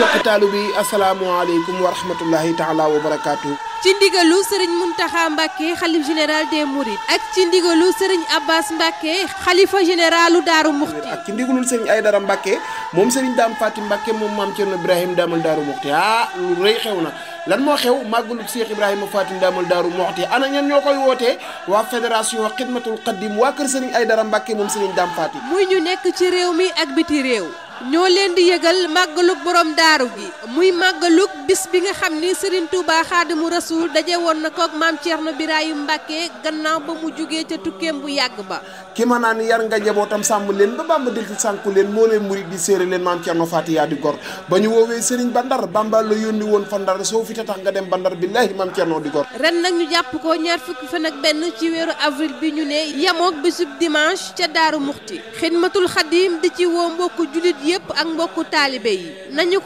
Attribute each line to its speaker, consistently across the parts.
Speaker 1: mbokki taalibe yi asalaamualeykum wa rahmatullahi taala wa barakaatu.
Speaker 2: ci ndigalu sëriñ Mountakha Mbacké xalif général des Mourides. ak ci ndigalu sëriñ Abbas Mbacké xalifa généralu Daaru Muxti.
Speaker 1: ak ci ndigalul sëriñ dara Mbacké moom sëriñ Daam Fatim Mbacké moom maam Cerno Ibrahima daamal Daaru Muxti ah lu rëy na lan moo xew màggalu Cheikh Ibrahima Fatim daamal Daaru Muxti ana ñan ñoo koy wootee waa fédération Xidmatul
Speaker 2: Xaddim waa kër sëriñ dara Mbacké moom sëriñ Daam Fatim. muy ñu nekk ci réew mi ak biti réew. ñoo leen di yëgal màggalug borom daaru bi muy màggalug bis bi nga xam ni Serigne Touba Xaadimu Rasuul daje woon na kook maam Thierno Birahim Mbacke gannaaw ba mu jugee ca tukkeem bu yàgg ba.
Speaker 1: ki ma naan yar nga njabootam sàmm leen ba Bamba delti sànku leen moo leen murit di séere leen maam Thierno Fatiya di gor ba ñu woowee Serigne ba Ndar Bamba la yónni woon fa Ndar soo fi tax nga dem ba Ndar billaahi maam Thierno di gor.
Speaker 2: ren nag ñu jàpp ko ñaar fukki fan benn ci weeru avril bi ñu ne yemoog bisub dimanche ca Daaru Muxti xidmatul xadim di ci woo mbokku julit yëpp ak mbokku taalibe yi nañu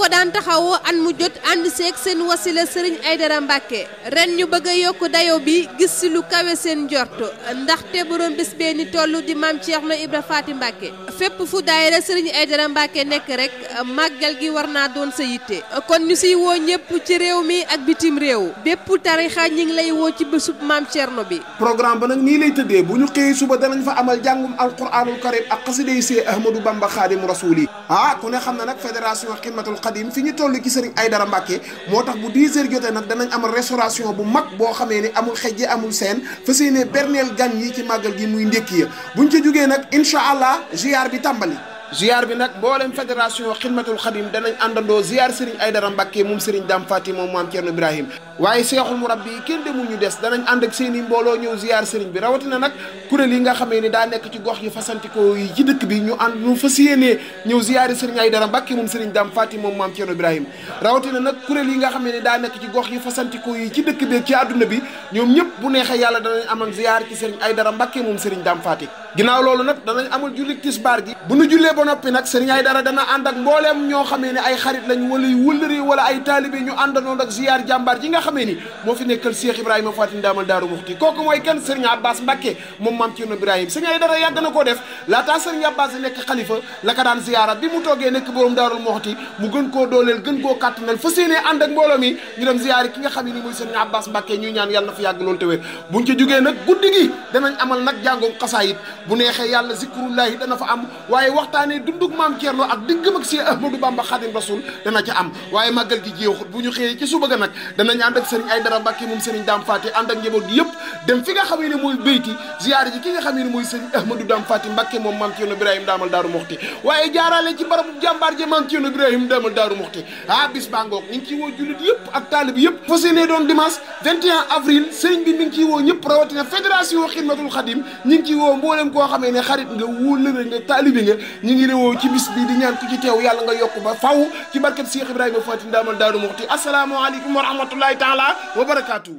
Speaker 2: taxaw an mu jot ànd seeg seen wasila sëriñ Aydara Mbàkke ren ñu bëgg a yokk dayo bi gis si lu kawe seen njort ndaxte borom bés bee ni toll di maam na Ibra Faati Mbàkke fépp fu daayira sëriñ Aydara Mbàkke nekk rek màggal gi war naa doon sa yitte kon ñu siy woo ñëpp ci réew mi ak bitim réew bépp tarixa ñi ngi lay woo ci bésub maam Thierno bi programme
Speaker 1: ba nag nii lay tëddee bu ñu xëyee suba danañ fa amal jàngum alquranul karim ak xasiday see ahmadou bamba xaadim rasul yi ah ku ne xam na nag fédération xidmatul xadim fi ñu toll ci sëriñ Aydara Mbàkke moo tax bu 10 heures jotee nag danañ amal restauration bu mag boo xamee ni amul xejje amul seen fas yéene berneel gan yi ci màggal gi muy ndékki ya buñ ca nag incha allah ziar bi tàmbali ziar bi nag mboolem fédération xidmatul xadim danañ àndandoo ziar ay dara Mbacke moom Serigne Dame Fatima moom maam Thierno Ibrahim waaye seexul murabbi yi kenn demul ñu des danañ ànd ak seen mbooloo ñëw ziar bi rawatina nag kuréel yi nga xamee ni daa nekk ci gox yi fasantikoo yi ci dëkk bi ñu ànd ñu fas yéenee ñëw ziar Serigne Aydara Mbacke moom Serigne Dame Fatima moom maam Thierno Ibrahim rawatina kuréel yi nga xamee ni daa nekk ci gox yi fasantikoo yi ci dëkk bi ci àdduna bi ñoom ñëpp bu neexee yàlla danañ amal ziar ci Serigne Aydara Mbacke moom Serigne Dame Fatima ginnaaw loolu nag danañ amul julli tisbaar gi bu nu jullee ba noppi nag sëriñ ay dara dana ànd ak mbooleem ñoo xamee ne ay xarit lañ wala yu wëllëri wala ay taalibe ñu àndanoon ak ziyaar jàmbaar ji nga xamee ni moo fi nekkal Cheikh Ibrahima Faty Ndamal Daaru Muxti kooku mooy kenn sëriñ Abbas Mbacke moom maam Thierno Ibrahima def laataa sëriñ Abbas nekk xalifa la ka daan ziyaara bi mu toogee nekk borom Daaru Muxti gën koo dooleel gën koo kàttanal fas yéenee ànd mbooloo mi ñu dem ziyaar ki nga xam ni mooy sëriñ Abbas Mbacke ñaan yàlla na fi yàgg loolu te wér buñ ci jógee nag guddi gi danañ amal nag jàngoo xasaayit bu neexee yàlla zikrullahi dana fa am waaye waxtaanee dundug maam Thierno ak diggam ak Cheikh Ahmadou Bamba Khadim Rasoul dana ca am waaye màggal gi jeexut bu ñu xëyee ci suba ga nag danañ ànd ak yëpp dem fi nga xamee ne mooy béyti ziyaare ji ki nga mooy Serigne Ahmadou Dame Faty Mbacké moom maam Thierno Birahim daamal Daaru Muxti waaye jaaraale ci barabu jàmbaar ji maam Thierno Birahim daamal Daaru Muxti ah bis ngoog ñu ngi ciy woo jullit yëpp ak taalib yëpp fas yéene doon koo xamee ne xarit nga wóolëre nga taalibi nga ñu ngi lewoo ci bis bi di ñaan ku ci teew yàlla nga yokk ba faw ci barkeb Cheikh Ibrahima Faty Ndamal Daaru Muxti asalaamaaleykum wa rahmatullahi taala wa barakaatu